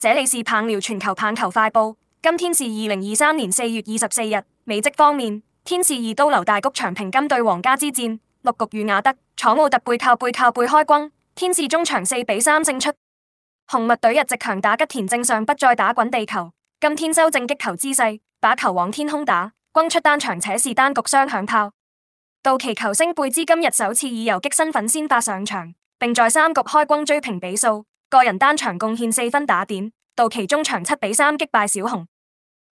這裡是棒聊全球棒球快報，今天是二零二三年四月二十四日。美職方面，天使二刀流大谷翔平今對皇家之戰六局遇雅德、楚奧特背靠背靠背開轟，天使中場四比三勝出。紅襪隊日直強打吉田正尚不再打滾地球，今天修正擊球姿勢，把球往天空打，轟出單場且是單局雙響炮。道奇球星貝茲今日首次以游擊身份先發上場，並在三局開轟追平比數。個人單場貢獻四分打點，道奇終場七比三擊敗小熊。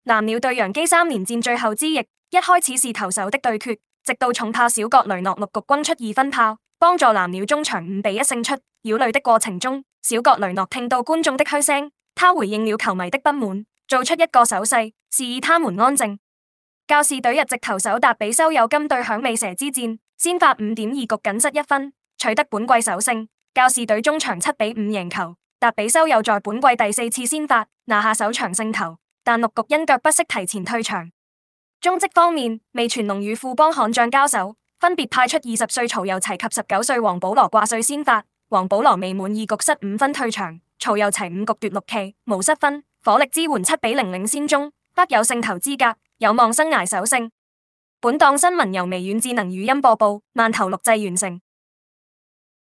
藍鳥對洋基三連戰最後之役，一開始是投手的對決，直到重炮小葛雷諾六局轟出二分炮，幫助藍鳥終場五比一勝出。繞壘的過程中，小葛雷諾聽到觀眾的噓聲，他回應了球迷的不滿，做出一個手勢，示意他們安靜。教士隊日直投手達比修有金對響尾蛇之戰，先發五點二局僅失一分，取得本季首勝。教士隊中場七比五贏球，達比修有在本季第四次先發，拿下首場勝投，但六局因腳不適提前退場。中職方面，味全龍與富邦悍將交手，分別派出二十歲曹又齊及十九歲黃保羅掛帥先發。黃保羅未滿二局失五分退場，曹又齊五局奪六期，無失分，火力支援七比零領先中，不有勝投資格，有望生涯首勝。本檔新聞由微軟智能語音播報，慢頭錄製完成。